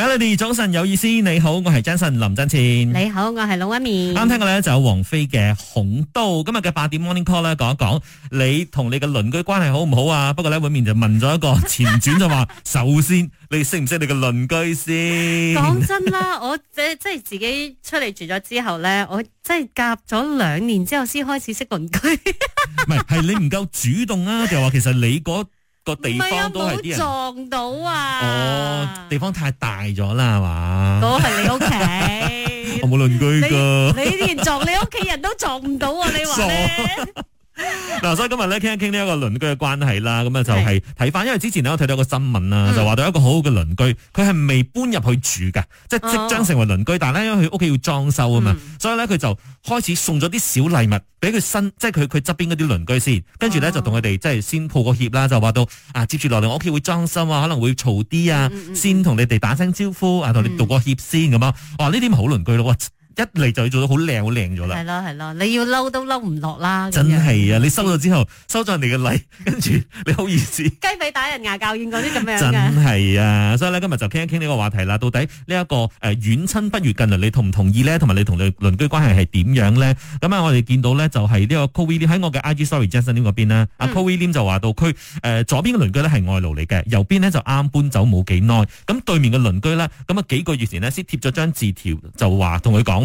Melody，早晨有意思，你好，我係 Jason 林真前。你好，我係老一面。啱聽嘅咧就有王菲嘅《紅豆》。今日嘅八點 Morning Call 咧，講一講你同你嘅鄰居關係好唔好啊？不過咧，老面就問咗一個前傳就話： 首先，你識唔識你嘅鄰居先？講真啦，我即即係自己出嚟住咗之後咧，我即係隔咗兩年之後先開始識鄰居。唔 係，係你唔夠主動啊？就話其實你嗰個係唔係啊？冇撞到啊。哦，地方太大咗啦，係嘛？都係 你屋企，我冇鄰居噶。你連撞 你屋企人都撞唔到啊！你話咧？嗱，所以今日咧，傾一傾呢一個鄰居嘅關係啦。咁啊，就係睇翻，因為之前咧我睇、啊嗯、到一個新聞啦，就話到一個好好嘅鄰居，佢係未搬入去住嘅，即係即將成為鄰居。但係咧，因為佢屋企要裝修啊嘛，嗯、所以咧佢就開始送咗啲小禮物俾佢新，即係佢佢側邊嗰啲鄰居先。呢跟住咧就同佢哋即係先抱個歉啦，就話到啊，接住落嚟我屋企會裝修啊，可能會嘈啲啊，先同你哋打聲招呼啊，同你道個歉先咁啊，啊。哇，呢啲好鄰居咯一嚟就要做到好靚好靚咗啦，係咯係咯，你要嬲都嬲唔落啦，真係啊！你收咗之後， 收咗人哋嘅禮，跟住你好意思？雞髀打人牙教軟嗰啲咁樣，真係啊！ 所以咧今日就傾一傾呢個話題啦。到底呢一個誒遠親不如近鄰，你同唔同意咧？同埋你同你鄰居關係係點樣咧？咁啊，我哋見到咧就係呢個 Colvin 喺我嘅 IG Story, sorry Justin 嗰邊啦。阿 Colvin 就話到佢誒左邊嘅鄰居咧係外勞嚟嘅，右邊咧就啱搬走冇幾耐。咁對面嘅鄰居咧，咁啊幾個月前咧先貼咗張字條就話同佢講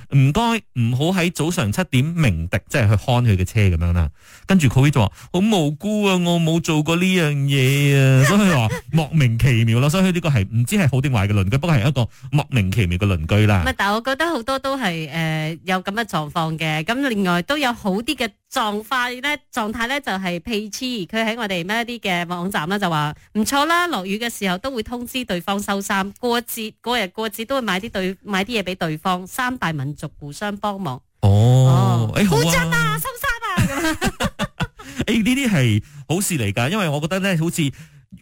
唔該，唔好喺早上七點鳴笛，即係去看佢嘅車咁樣啦。跟住佢就話好無辜啊，我冇做過呢樣嘢啊，所以話莫名其妙啦。所以呢個係唔知係好定壞嘅鄰居，不過係一個莫名其妙嘅鄰居啦。但係我覺得好多都係誒、呃、有咁嘅狀況嘅，咁另外都有好啲嘅狀況咧狀態咧就係、是、P G，佢喺我哋咩啲嘅網站咧就話唔錯啦。落雨嘅時候都會通知對方收衫，過節過日過節都會買啲對買啲嘢俾對方。三大民。就互相幫忙哦，哦欸、補針啊，收衫啊咁。誒、啊，呢啲係好事嚟噶，因為我覺得咧，好似。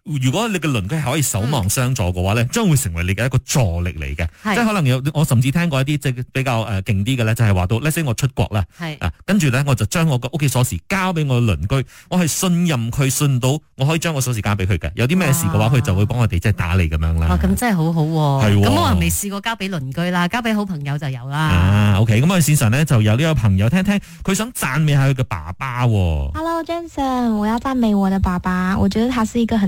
如果你嘅鄰居係可以守望相助嘅話咧，將是會成為你嘅一個助力嚟嘅，是即係可能有我甚至聽過一啲即比較誒勁啲嘅咧，就係話到即使我出國啦，跟住咧，我就將我嘅屋企鎖匙交俾我嘅鄰居，我係信任佢信到我可以將個鎖匙交俾佢嘅，有啲咩事嘅話，佢、啊、就會幫我哋即係打理咁樣啦。咁真係好好，係咁我還未試過交俾鄰居啦，交俾好朋友就有啦。o k 咁啊 okay, 我綫上呢，就有呢個朋友聽聽，聽，佢想讚美下佢嘅爸爸。Hello，Jason，我要讚美我的爸爸，我覺得他是一個很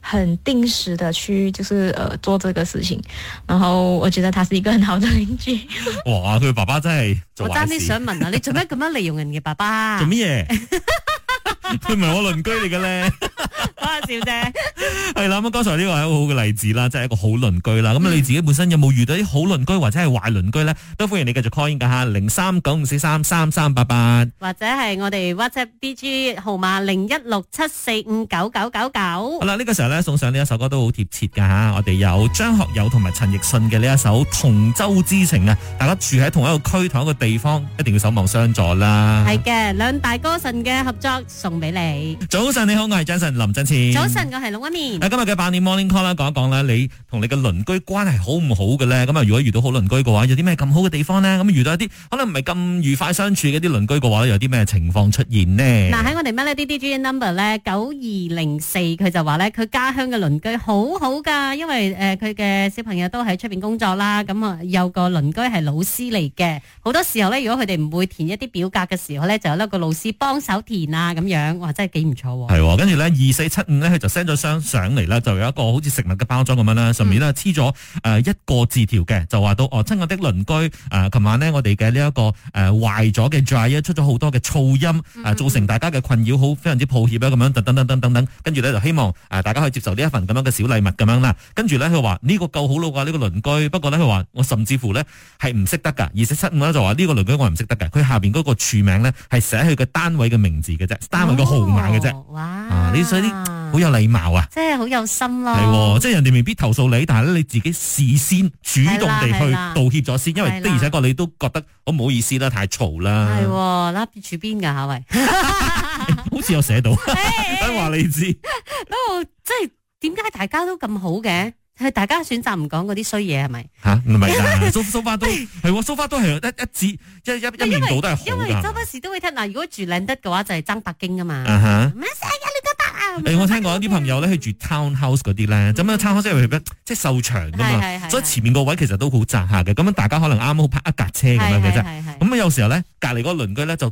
很定時的去就是呃做這個事情，然後我覺得他是一個很好的鄰居。哇，佢爸爸真係，我單啲想問啊， 你做咩咁樣利用人嘅爸爸？做咩麼？佢唔係我鄰居嚟嘅咧。 小姐係啦，咁剛 才呢個係好好嘅例子啦，即係一個好鄰居啦。咁、嗯、你自己本身有冇遇到啲好鄰居或者係壞鄰居呢？都歡迎你繼續 call in 噶吓，零三九五四三三三八八，或者係我哋 WhatsApp B G 號碼零一六七四五九九九九。好啦，呢、這個時候咧送上呢一首歌都好貼切噶吓，我哋有張學友同埋陳奕迅嘅呢一首《同舟之情》啊，大家住喺同一個區同一個地方，一定要守望相助啦。係嘅，兩大歌神嘅合作送俾你。早晨你好，我係張振林振超。早晨，我係龍一綿。誒，今日嘅百點 Morning Call 啦，講一講啦，你同你嘅鄰居關係好唔好嘅咧？咁啊，如果遇到好鄰居嘅話，有啲咩咁好嘅地方咧？咁遇到一啲可能唔係咁愉快相處嘅一啲鄰居嘅話，有啲咩情況出現咧？嗱，喺我哋 Monday D D G Number 咧，九二零四，佢就話咧，佢家鄉嘅鄰居好好噶，因為誒，佢嘅小朋友都喺出邊工作啦，咁啊有個鄰居係老師嚟嘅，好多時候咧，如果佢哋唔會填一啲表格嘅時候咧，就有一個老師幫手填啊，咁樣，哇，真係幾唔錯。係，跟住咧二四七。佢就 send 咗箱上嚟啦，就有一個好似食物嘅包裝咁樣啦，上面咧黐咗誒一個字條嘅，就話到哦，親愛的鄰居誒，琴、呃、晚呢，我哋嘅呢一個誒壞咗嘅 dry 出咗好多嘅噪音，啊、呃、造成大家嘅困擾，好非常之抱歉啊咁樣，等等等等等，跟住咧就希望大家可以接受呢一份咁樣嘅小禮物咁樣啦，跟住咧佢話呢個夠好啦喎、啊，呢、呢個鄰居，不過咧佢話我甚至乎咧係唔識得㗎，二四七五咧就話呢、呢個鄰居我唔識得㗎，佢下邊嗰個署名咧係寫佢嘅單位嘅名字嘅啫，單位嘅號碼嘅啫，哦、哇啊，你所以啲。好有禮貌啊！即係好有心咯、啊。係，即係人哋未必投訴你，但係咧你自己事先主動地去道歉咗先，因為的而且確你都覺得好唔好意思啦，太嘈啦。係、啊，拉住邊噶，阿偉 欸，好似有寫到，都、欸欸、話你知。不哦、欸欸，即係點解大家都咁好嘅？係大家選擇唔講嗰啲衰嘢係咪？吓唔係啊？收花都係，收花都係一一字一一一面倒都係好。因為周不時都會聽嗱，如果住靚德嘅話就係爭北京啊嘛。嗯啊誒、欸，我聽講一啲朋友咧去住 townhouse 嗰啲咧，咁、嗯、樣 townhouse 因為佢咧即係瘦長㗎嘛，是是是是所以前面個位其實都好窄下嘅。咁樣大家可能啱啱好泊一架車咁樣嘅啫。咁啊，有時候咧隔離嗰個鄰居咧就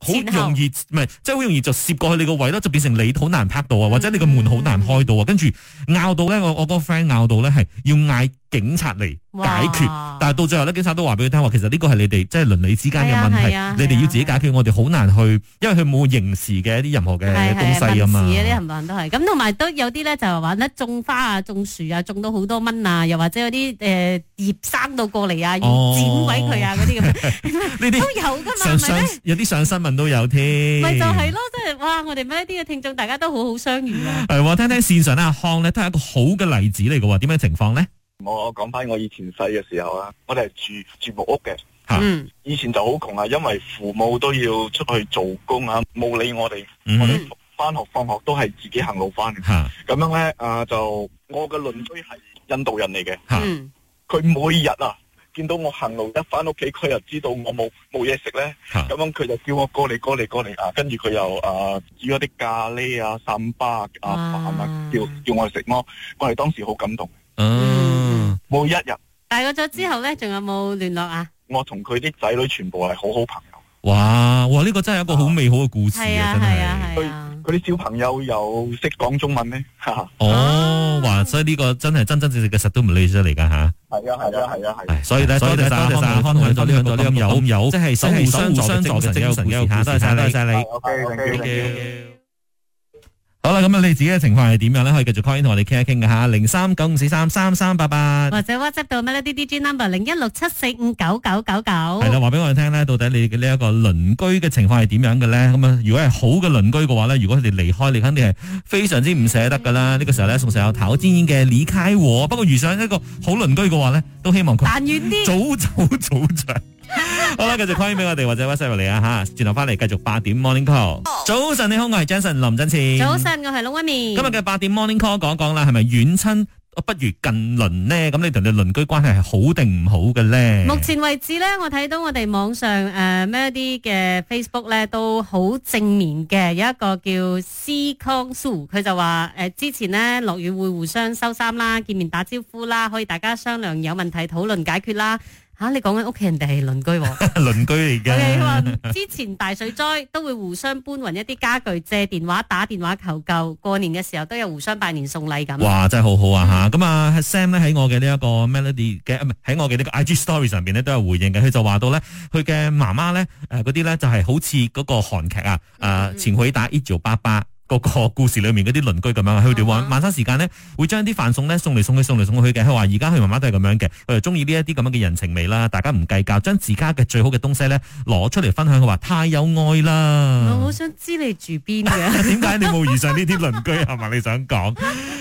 好容易，唔係即係好容易就攝過去你個位咯，就變成你好難泊到啊，或者你個門好難開到啊。是是是跟住拗到咧，我我個 friend 拗到咧係要嗌。警察嚟解決，但係到最後咧，警察都話俾佢聽話，其實呢個係你哋即係鄰里之間嘅問題，你哋要自己解決。我哋好難去，因為佢冇刑事嘅一啲任何嘅東西啊嘛。民事嗰啲係都係？咁同埋都有啲咧，就係話咧種花啊、種樹啊，種到好多蚊啊，又或者有啲誒葉生到過嚟啊，要剪毀佢啊嗰啲咁。你哋都有噶嘛？唔係咩？有啲上新聞都有添。咪就係咯，即係哇！我哋咩啲嘅聽眾，大家都好好相遇啊。係，聽聽綫上咧，阿康咧都係一個好嘅例子嚟嘅。點樣情況咧？我講翻我以前細嘅時候啊，我哋係住住木屋嘅。嗯，以前就好窮啊，因為父母都要出去做工啊，冇理我哋，嗯、我哋翻學放學都係自己行路翻嘅，吓、啊，咁樣咧，誒、呃，就我嘅鄰居係印度人嚟嘅。嗯、啊，佢每日啊見到我行路一翻屋企，佢又知道我冇冇嘢食咧，咁、啊、樣佢就叫我過嚟過嚟過嚟。啊，跟住佢又誒、呃、煮咗啲咖喱啊、三巴啊、飯啊，叫叫我食咯，我哋當時好感動。嗯嗯冇一日，大個咗之後咧，仲有冇聯絡啊？我同佢啲仔女全部係好好朋友。哇，哇，呢個真係一個好美好嘅故事啊！真係。佢佢啲小朋友又識講中文咧，吓。哦，哇，所以呢個真係真真正正嘅實都唔理出嚟噶吓。係啊，係啊，係啊，係。所以咧，所以多謝你分享咗呢個咁有有，即係互相互相助嘅精神吓。多謝你，多謝你。好啦，咁啊，你自己嘅情況係點樣咧？可以繼續 call 同我哋傾一傾噶吓，零三九五四三三三八八，或者 WhatsApp 到 my D D G number 零一六七四五九九九九。係啦，話俾我哋聽咧，到底你嘅呢一個鄰居嘅情況係點樣嘅咧？咁啊，如果係好嘅鄰居嘅話咧，如果佢哋離開，你肯定係非常之唔捨得噶啦。呢、這個時候咧，送上有頭煙嘅李開和。不過遇上一個好鄰居嘅話咧，都希望佢早走早着。 好啦，繼續交煙俾我哋或者 WhatsApp 入嚟啊吓，轉頭翻嚟繼續八點 morning call 早。早晨你好，我係 Jason 林振前。早晨，我係 Loney。今日嘅八點 morning call 講講啦，係咪遠親不如近鄰呢？咁你同你鄰居關係係好定唔好嘅咧？目前為止咧，我睇到我哋網上誒咩、呃、啲嘅 Facebook 咧都好正面嘅，有一個叫 C k a n Sue，佢就話誒、呃、之前呢，落雨會互相收衫啦，見面打招呼啦，可以大家商量有問題討論解決啦。吓、啊、你講緊屋企人哋係鄰居喎、啊，鄰 居嚟嘅。佢話之前大水災都會互相搬運一啲家具，借電話打電話求救。過年嘅時候都有互相拜年送禮咁。哇，真係好好啊吓！咁、嗯、啊 Sam 咧喺我嘅呢一個 Melody 嘅喺我嘅呢個 IG Story 上邊咧都有回應嘅，佢就話到咧佢嘅媽媽咧誒嗰啲咧就係好似嗰個韓劇啊誒、呃嗯、前佢打1988個個故事裏面嗰啲鄰居咁樣，佢會點啊？晚生時間呢，會將啲飯餸呢，送嚟送去，送嚟送去嘅。佢話而家佢媽媽都係咁樣嘅，佢中意呢一啲咁樣嘅人情味啦。大家唔計較，將自家嘅最好嘅東西呢，攞出嚟分享。佢話太有愛啦。我好想知你住邊嘅？點解 你冇遇上呢啲鄰居係、啊、咪？ 你想講？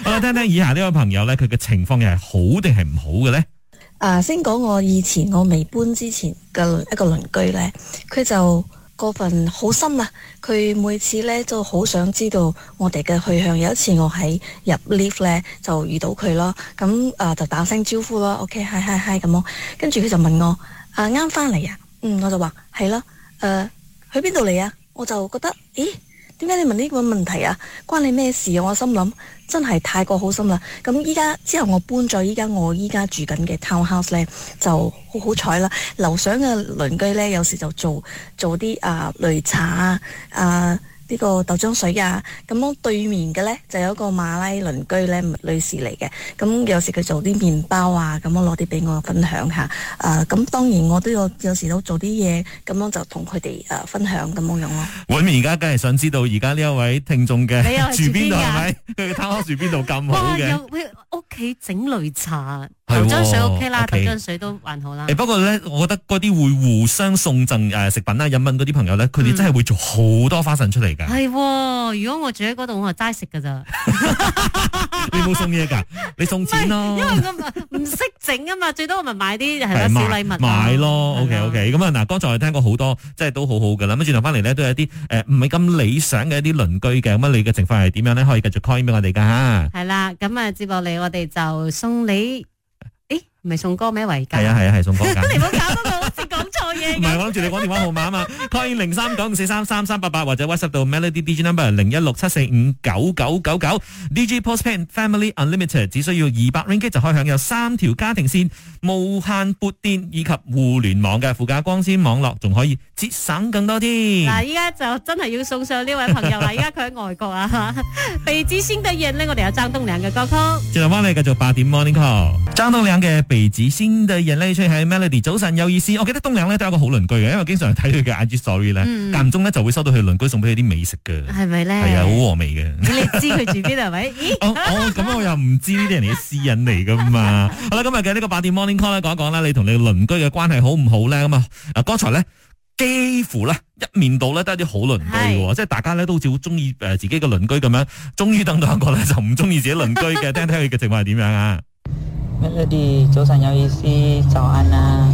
我聽聽以下呢位朋友呢，佢嘅情況又係好定係唔好嘅呢？啊，先講我以前我未搬之前嘅一個鄰居呢，佢就。嗰份好深啊！佢每次咧都好想知道我哋嘅去向。有一次我喺入 lift 咧就遇到佢咯，咁啊、呃、就打聲招呼啦。OK，嗨嗨嗨，咁咯。跟住佢就問我啊，啱翻嚟啊？嗯，我就話係啦。誒、呃，去邊度嚟啊？我就覺得咦。點解你問呢個問題啊？關你咩事啊？我心諗真係太過好心啦。咁依家之後我搬咗依家我依家住緊嘅 townhouse 咧，就好好彩啦。樓上嘅鄰居咧，有時就做做啲啊擂茶啊啊。呃呢個豆漿水呀、啊，咁樣對面嘅咧就有一個馬拉鄰居咧女士嚟嘅，咁有時佢做啲麵包啊，咁樣攞啲俾我分享下，誒、呃，咁當然我都有有時都做啲嘢，咁樣就同佢哋誒分享咁樣樣咯。咁而家梗係想知道而家呢一位聽眾嘅住邊度、啊，係咪？佢攤開住邊度咁好嘅。哇，有屋企整擂茶。糖漿水 OK 啦，糖漿水都還好啦、欸。不過咧，我覺得嗰啲會互相送贈誒食品啦，飲品嗰啲朋友咧，佢哋真係會做好多花神出嚟噶。係、嗯， 如果我住喺嗰度，我係齋食噶咋。 你冇送嘢噶？你送錢咯。因為我唔唔識整啊嘛，最多我咪買啲係小禮物買咯。OK OK，咁啊嗱，剛才我聽過好多，即係都好好噶啦。咁啊，轉頭翻嚟咧，都有一啲誒唔係咁理想嘅一啲鄰居嘅。咁你嘅情況係點樣咧？可以繼續 call 俾我哋噶吓。係啦，咁啊，接落嚟我哋就送你。唔係宋哥咩衛家？係啊係啊係宋哥家。你唔好搞嗰個。唔係，我諗住你講電話號碼啊嘛，可以零三九五四三三三八八，或者 WhatsApp 到 Melody D G Number 零一六七四五九九九九，D G Postpaid Family Unlimited 只需要二百 ringgit 就可以享有三條家庭線、無限撥電以及互聯網嘅附加光纖網絡，仲可以節省更多添。嗱，依家就真係要送上呢位朋友啦，依家佢喺外國啊，鼻子先得認咧，我哋有張棟樑嘅歌曲。接落嚟繼續八點 Morning Call，張棟樑嘅鼻子先得認咧，出喺 Melody，早晨有意思，我記得棟樑咧。一個好鄰居嘅，因為經常睇佢嘅 IG story 咧，嗯，間中咧就會收到佢鄰居送俾佢啲美食嘅，係咪咧？係啊，好和味嘅。你知佢住邊係咪？咦， 哦？哦，咁我又唔知呢啲人嘅私隱嚟噶嘛？ 好啦，今日嘅呢個八點 morning call 咧，講一講啦，你同你鄰居嘅關係好唔好咧？咁啊，剛才咧幾乎咧一面到咧都係啲好鄰居嘅，是即係大家咧都好似好中意誒自己嘅鄰居咁樣。終於等到一個咧就唔中意自己鄰居嘅， 聽聽佢嘅情況係點樣啊？你好，早晨啊！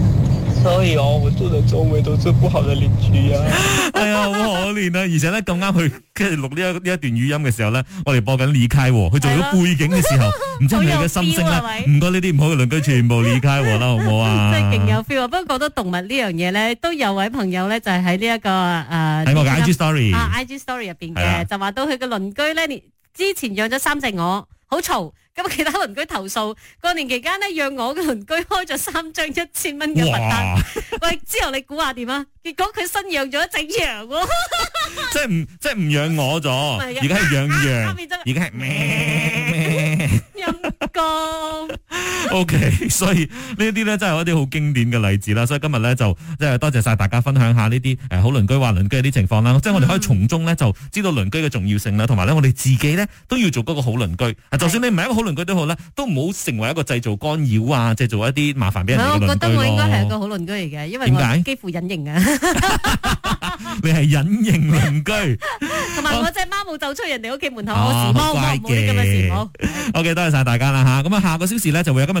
所以我我住嘅周圍都是不好嘅鄰居啊！哎呀，好可憐啊！而且咧咁啱佢跟住錄呢一呢一段語音嘅時候咧，我哋播緊離開喎，佢做咗背景嘅時候，唔 知你嘅心聲咧，唔該呢啲唔好嘅鄰居全部離開喎啦，好唔好啊？ 真係勁有 feel 啊！不過講到動物呢樣嘢咧，都有位朋友咧就係喺呢一個誒喺、呃、我嘅 IG story 啊 IG story 入邊嘅就話到佢嘅鄰居咧之前養咗三隻鵝。好嘈，咁其他鄰居投訴，過年期間咧讓我嘅鄰居開咗三張一千蚊嘅罰單，喂哇 之後你估下點啊？結果佢新養咗一隻羊， 即係唔即係唔養我咗，而家係養羊，而家係咩？啊 O K，所以呢啲咧真係一啲好經典嘅例子啦，所以今日咧就即係多謝晒大家分享下呢啲誒好鄰居話鄰居啲情況啦，即係我哋可以從中咧就知道鄰居嘅重要性啦，同埋咧我哋自己咧都要做嗰個好鄰居。啊，就算你唔係一個好鄰居都好啦，都唔好成為一個製造干擾啊，製造一啲麻煩俾人。我覺得我應該係一個好鄰居嚟嘅，因為我幾乎隱形啊。你係隱形鄰居，同埋我隻貓冇走出人哋屋企門口，冇冇冇你咁嘅事，冇。O K，多謝晒大家啦吓，咁啊下個小時咧就會有今日。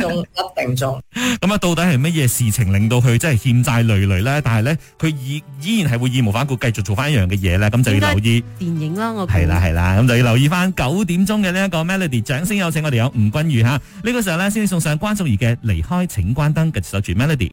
用一定咗，咁啊，到底係乜嘢事情令到佢真係欠債累累咧？但係咧，佢依依然係會義無反顧繼續做翻一樣嘅嘢咧，咁就要留意電影啦。我係啦係啦，咁就、嗯、要留意翻九點鐘嘅呢一個 Melody 掌聲有請我哋有吳君如哈，呢、這個時候咧先送上關淑儀嘅離開，請關燈，繼續守住 Melody。Mel